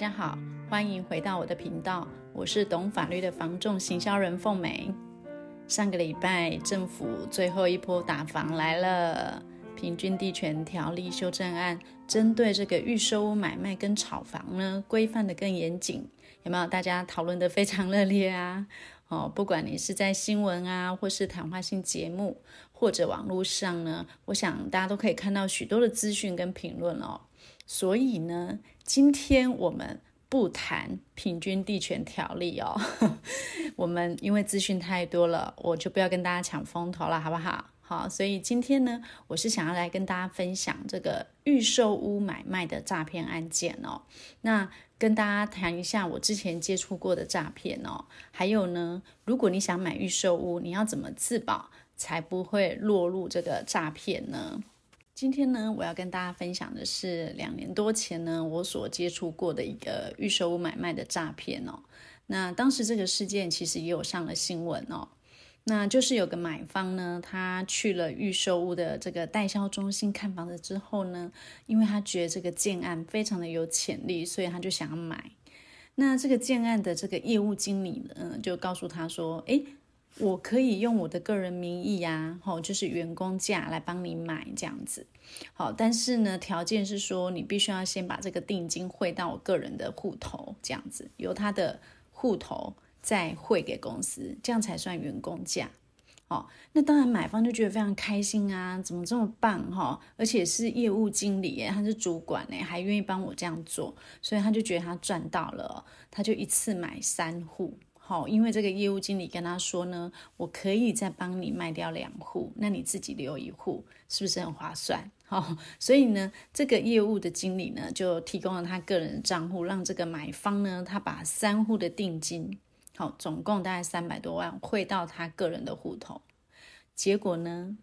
大家好，歡迎回到我的頻道，我是懂法律的房仲行銷人鳳梅。上個禮拜，政府最後一波打房來了，《平均地權條例修正案》針對這個預售屋買賣跟炒房呢，規範得更嚴謹。有沒有大家討論得非常熱烈啊？哦，不管你是在新聞啊，或是談話性節目，或者網絡上呢，我想大家都可以看到許多的資訊跟評論哦。所以呢，今天我們不談平均地權條例哦， 我們因為資訊太多了，我就不要跟大家搶風頭了，好不好？好，所以今天呢，我是想要來跟大家分享這個預售屋買賣的詐騙案件哦。那跟大家談一下我之前接觸過的詐騙哦，還有呢，如果你想買預售屋，你要怎麼自保才不會落入這個詐騙呢？今天呢，我要跟大家分享的是兩年多前呢，我所接觸過的一個預售屋買賣的詐騙哦。那當時這個事件其實也有上了新聞哦。那就是有個買方呢，他去了預售屋的這個代銷中心看房子之後呢，因為他覺得這個建案非常的有潛力，所以他就想要買。那這個建案的這個業務經理呢，就告訴他說，誒……我可以用我的個人名義呀，吼，就是員工價來幫你買這樣子，好，但是呢，條件是說你必須要先把這個定金匯到我個人的戶頭，這樣子，由他的戶頭再匯給公司，這樣才算員工價。好，那當然買方就覺得非常開心啊，怎麼這麼棒哈？而且是業務經理耶，他是主管欸，還願意幫我這樣做，所以他就覺得他賺到了，他就一次買三戶。好，因為這個業務經理跟他說呢，我可以再幫你賣掉兩戶，那你自己留一戶，是不是很划算？哦，所以呢，這個業務的經理呢，就提供了他個人的賬戶，讓這個買方呢，他把三戶的定金，好、哦，總共大概三百多萬匯到他個人的戶頭。結果呢，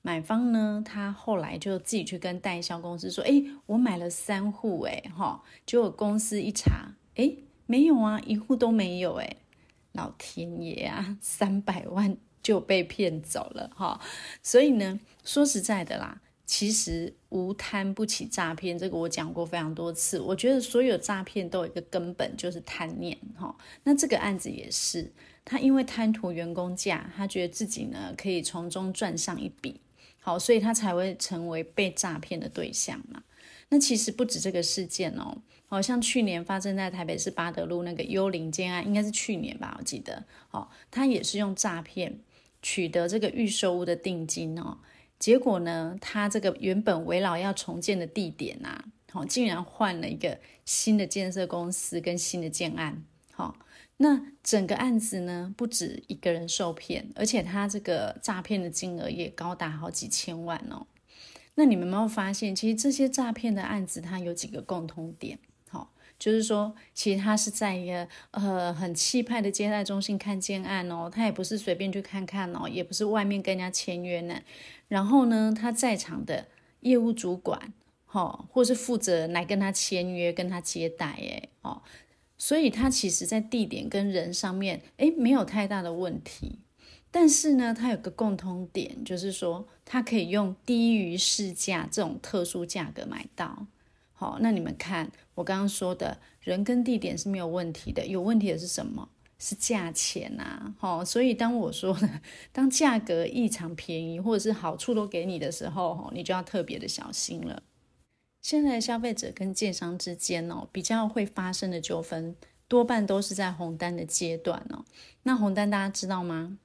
買方呢，他後來就自己去跟代銷公司說，哎，我買了三戶，哎，哈，結果公司一查，哎，沒有啊，一戶都沒有，哎。老天爺啊，三百萬就被騙走了哈、哦！所以呢，說實在的啦，其實無貪不起詐騙，這個我講過非常多次。我覺得所有詐騙都有一個根本，就是貪念哈、哦。那這個案子也是，他因為貪圖員工價，他覺得自己呢可以從中賺上一筆，好，所以他才會成為被詐騙的對象嘛。那其實不止這個事件哦，好像去年發生在台北市八德路那個幽靈建案，應該是去年吧，我記得。哦，他也是用詐騙取得這個預售屋的定金哦，結果呢，他這個原本圍繞要重建的地點吶，啊，哦，竟然換了一個新的建設公司跟新的建案。哦，那整個案子呢，不止一個人受騙，而且他這個詐騙的金額也高達好幾千萬哦。那你們有沒有發現，其實這些詐騙的案子，它有幾個共通點，好、哦，就是說，其實他是在一個呃很氣派的接待中心看建案哦，他也不是隨便去看看哦，也不是外面跟人家簽約呢。然後呢，他在場的業務主管，哈、哦，或是負責人來跟他簽約，跟他接待，誒哦，所以他其實在地點跟人上面，誒，沒有太大的問題。但是呢，它有個共通點，就是說它可以用低於市價這種特殊價格買到。好，哦，那你們看我剛剛說的人跟地點是沒有問題的，有問題的是什麼？是價錢啊！好，哦，所以當我說的，當價格異常便宜或者是好處都給你的時候，你就要特別的小心了。現在的消費者跟建商之間哦，比較會發生的糾紛，多半都是在紅單的階段哦。那紅單大家知道嗎？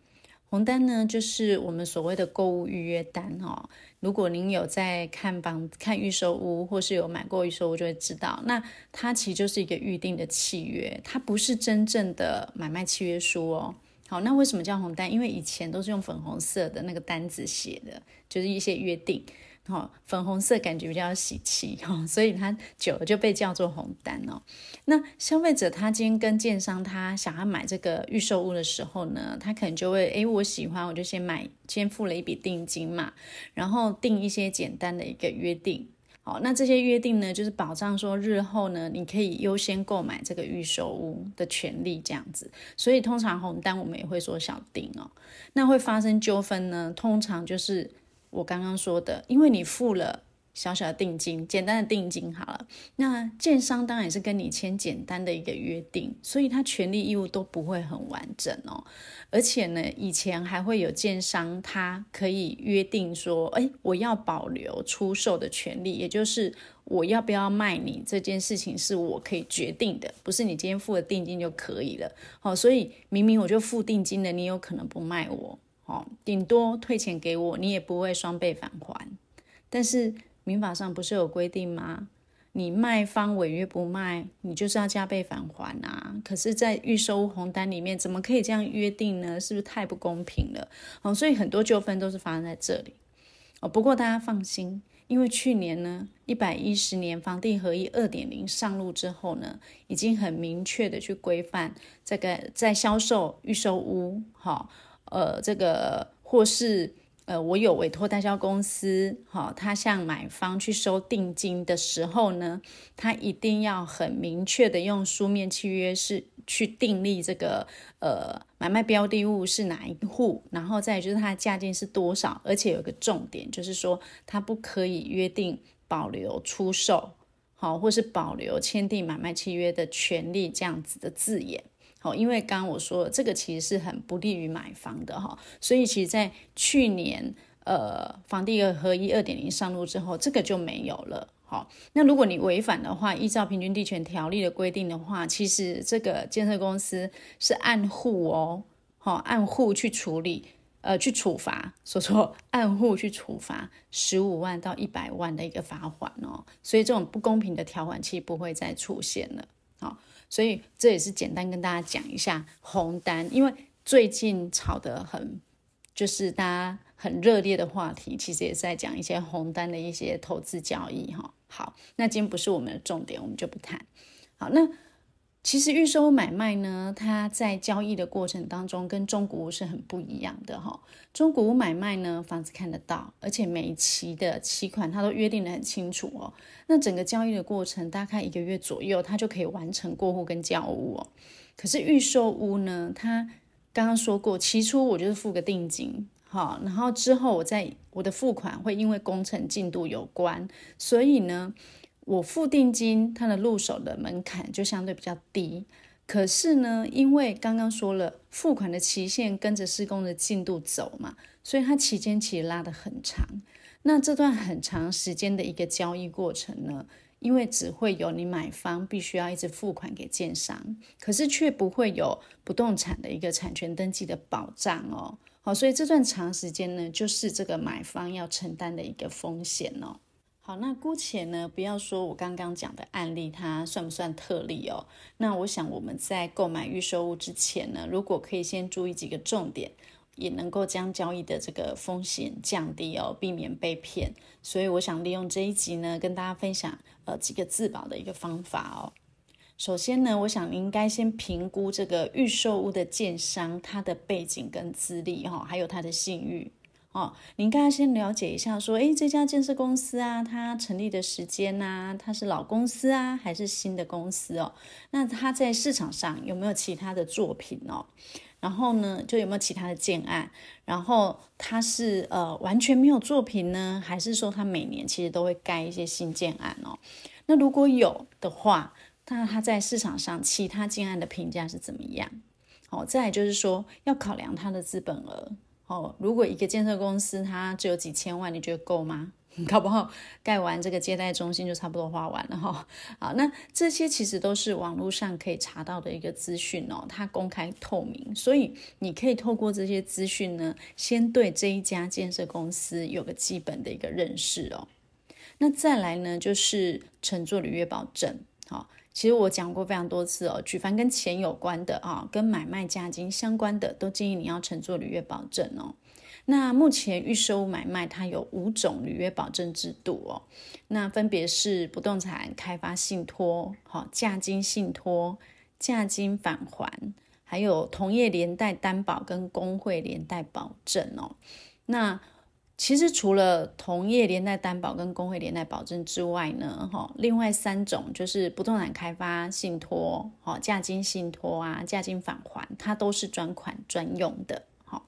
紅單呢，就是我們所謂的購物預約單哦。如果您有在看房、看預售屋，或是有買過預售屋，就會知道，那它其實就是一個預定的契約，它不是真正的買賣契約書哦。好，那為什麼叫紅單？因為以前都是用粉紅色的那個單子寫的，就是一些約定。哦、粉紅色感覺比較喜氣、哦、所以它久了就被叫做紅單哦。那消費者他今天跟建商，他想要買這個預售屋的時候呢，他可能就會哎，我喜歡，我就先買，先付了一筆定金嘛，然後定一些簡單的一個約定。好、哦，那這些約定呢，就是保障說日後呢，你可以優先購買這個預售屋的權利這樣子。所以通常紅單我們也會說小訂。哦。那會發生糾紛呢，通常就是。我剛剛說的，因為你付了小小的定金，簡單的定金好了，那建商當然是跟你簽簡單的一個約定，所以他權利義務都不會很完整哦。而且呢，以前還會有建商，他可以約定說，哎，我要保留出售的權利，也就是我要不要賣你這件事情是我可以決定的，不是你今天付了定金就可以了。好、哦，所以明明我就付定金了，你有可能不賣我。頂多退錢給我，你也不會雙倍返還。但是民法上不是有規定嗎？你賣方違約不賣，你就是要加倍返還啊！可是，在預售紅單裡面，怎麼可以這樣約定呢？是不是太不公平了？哦，所以很多糾紛都是發生在這裡。哦，不過大家放心，因為去年呢，一百一十年房地合一二點零上路之後呢，已經很明確的去規範這個在銷售預售屋，好、哦。呃，這個或是呃，我有委託代銷公司，好、哦，他向買方去收定金的時候呢，他一定要很明確的用書面契約是去訂立這個呃買賣標的物是哪一戶，然後再就是它的價金是多少，而且有個重點就是說，他不可以約定保留出售，好、哦，或是保留簽訂買賣契約的權利這樣子的字眼。好，因為剛剛我說這個其實是很不利於買房的哈，所以其實，在去年呃，房地合一二點零上路之後，這個就沒有了。好，那如果你違反的話，依照平均地權條例的規定的話，其實這個建設公司是按戶哦，好按戶去處理，呃，去處罰，所以說按戶去處罰十五萬到一百萬的一個罰款哦，所以這種不公平的條款其實不會再出現了。好。所以這也是簡單跟大家講一下紅單，因為最近炒得很，就是大家很熱烈的話題，其實也是在講一些紅單的一些投資交易哈、哦。好，那今天不是我們的重點，我們就不談。好，那。其實預售屋買賣呢，它在交易的過程當中跟中古屋是很不一樣的哈、哦。中古屋買賣呢，房子，看得到，而且每一期的期款它都約定得很清楚哦。那整個交易的過程大概一個月左右，它就可以完成過戶跟交屋哦。可是預售屋呢，它剛剛說過，起初我就是付個定金，然後之後我在我的付款會因為工程進度有關，所以呢。我付定金，它的入手的門檻就相對比較低。可是呢，因為剛剛說了，付款的期限跟着施工的進度走嘛，所以它期間其實拉得很長。那這段很長時間的一個交易過程呢，因為只會有你買方必須要一直付款給建商，可是卻不會有不動產的一個產權登記的保障哦。好，所以這段長時間呢，就是這個買方要承擔的一個風險哦。好，那姑且呢，不要說我剛剛講的案例，它算不算特例哦？那我想我們在購買預售屋之前呢，如果可以先注意幾個重點，也能夠將交易的這個風險降低哦，避免被騙。所以我想利用這一集呢，跟大家分享呃幾個自保的一個方法哦。首先呢，我想應該先評估這個預售屋的建商，它的背景跟資歷哈、哦，還有它的信譽。哦，您應該先了解一下，說，哎，這家建設公司啊，它成立的時間吶、啊，它是老公司啊，還是新的公司哦？那它在市場上有沒有其他的作品哦？然後呢，就有沒有其他的建案？然後它是呃完全沒有作品呢，還是說它每年其實都會蓋一些新建案哦？那如果有的話，那它在市場上其他建案的評價是怎麼樣？哦，再來就是說要考量它的資本額。哦，如果一個建設公司，它只有幾千萬，你覺得夠嗎？搞不好蓋完這個接待中心就差不多花完了哈、哦。好，那這些其實都是網絡上可以查到的一個資訊哦，它公開透明，所以你可以透過這些資訊呢，先對這一家建設公司有個基本的一個認識哦。那再來呢，就是承做履約保證。好，其實我講過非常多次哦，舉凡跟錢有關的啊，跟買賣價金相關的，都建議你要承作履約保證哦。那目前預售買賣它有五種履約保證制度哦，那分別是不動產開發信托、好價金信托、價金返還，還有同業連帶擔保跟公會連帶保證哦。那其實除了同業連帶擔保跟公會連帶保證之外呢，哈，另外三種就是不動產開發信託、哈價金信託啊、價金返還，它都是專款專用的，哈，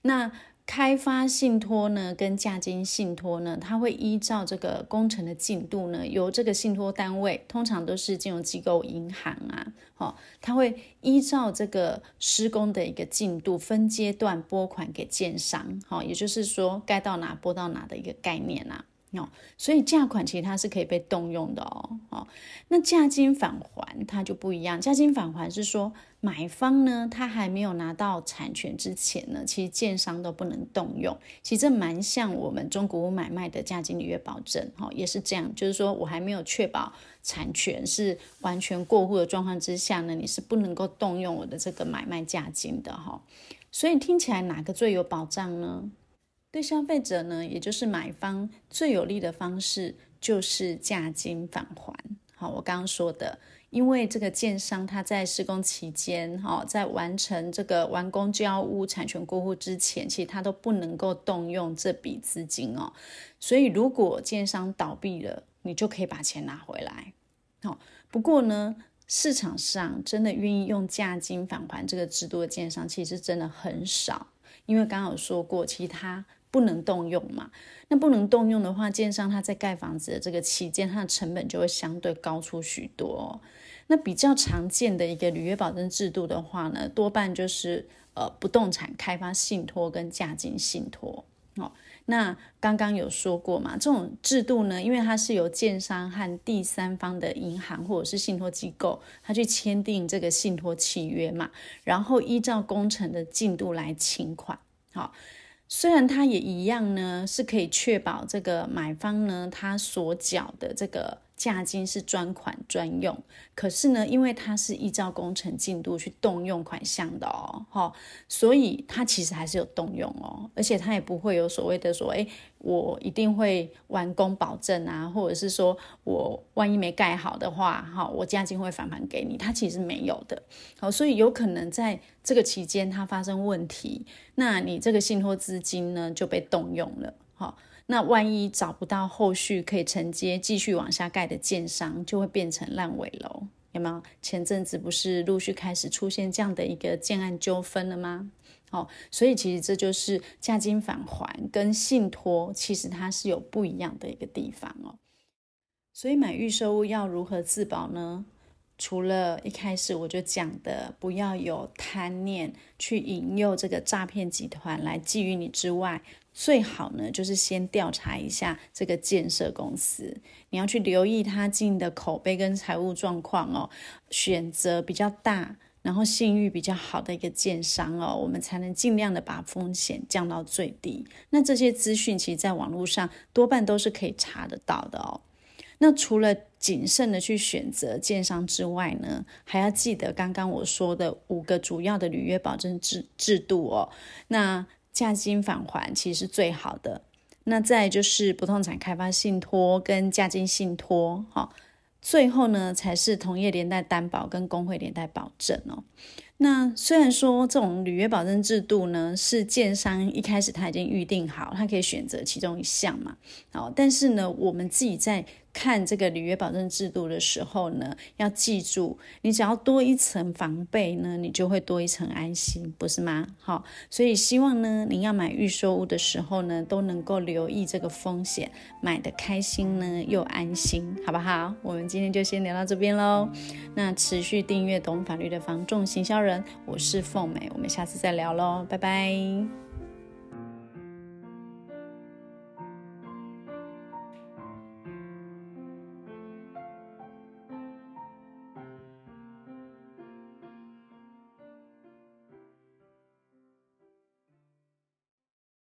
那。開發信托呢，跟價金信托呢，它會依照這個工程的進度呢，由這個信托單位，通常都是金融機構、銀行啊，哈、哦，它會依照這個施工的一個進度，分階段撥款給建商，哈、哦，也就是說，該到哪撥到哪的一個概念吶、啊。哦，所以價款其實它是可以被動用的哦，哦，那價金返還它就不一樣。價金返還是說買方呢，他還沒有拿到產權之前呢，其實建商都不能動用。其實這蠻像我們中古屋買賣的價金履約保證，哈、哦，也是這樣，就是說我還沒有確保產權是完全過戶的狀況之下呢，你是不能夠動用我的這個買賣價金的、哦，哈。所以聽起來哪個最有保障呢？對消費者呢，也就是買方最有利的方式就是價金返還。好，我剛剛說的，因為這個建商他在施工期間，哦，在完成這個完工交屋、產權過戶之前，其實他都不能夠動用這筆資金哦。所以，如果建商倒閉了，你就可以把錢拿回來。好，不過呢，市場上真的願意用價金返還這個制度的建商，其實真的很少。因為剛剛有說過，其他。不能動用嘛？那不能動用的話，建商他在蓋房子的這個期間，它的成本就會相對高出許多，哦。那比較常見的一個履約保證制度的話呢，多半就是呃不動產開發信托跟價金信託哦。那剛剛有說過嘛，這種制度呢，因為它是由建商和第三方的銀行或者是信托機構，它去簽訂這個信托契約嘛，然後依照工程的進度來請款，哦雖然它也一樣呢，是可以確保這個買方呢，他所繳的這個，價金是專款專用，可是呢，因為它是依照工程進度去動用款項的哦，哈、哦，所以它其實還是有動用哦，而且它也不會有所謂的說，誒、欸、我一定會完工保證啊，或者是說我萬一沒蓋好的話，哈、哦，我價金會返還給你，它其實沒有的，好、哦，所以有可能在這個期間它發生問題，那你這個信託資金呢，就被動用了，哈、哦。那萬一找不到後續可以承接繼續往下蓋的建商，就會變成爛尾樓哦，有沒有？前陣子不是陸續開始出現這樣的一個建案糾紛了嗎？哦，所以其實這就是價金返還跟信託，其實它是有不一樣的一個地方哦。所以買預售屋要如何自保呢？除了一開始我就講的不要有貪念去引誘這個詐騙集團來覬覦你之外，最好呢就是先調查一下這個建設公司，你要去留意他進的口碑跟財務狀況哦。選擇比較大，然後信譽比較好的一個建商哦，我們才能盡量的把風險降到最低。那這些資訊其實，在網絡上多半都是可以查得到的哦。那除了謹慎的去選擇建商之外呢，還要記得剛剛我說的五個主要的履約保證制制度哦。那價金返還其實是最好的，那再就是不動產開發信托跟價金信托，哈、哦，最後呢才是同業連帶擔保跟公會連帶保證哦。那雖然說這種履約保證制度呢，是建商，一開始他已經預定好，他可以選擇其中一項嘛，好，但是呢，我們自己在看這個履約保證制度的時候呢，要記住，你只要多一層防備呢，你就會多一層安心，不是嗎？好，所以希望呢，您要買預售屋的時候呢，都能夠留意這個風險，買的開心呢又安心，好不好？我們今天就先聊到這邊嘍，那持續訂閱懂法律的房仲行銷人。我是鳳美，我們下次再聊嘍，拜拜。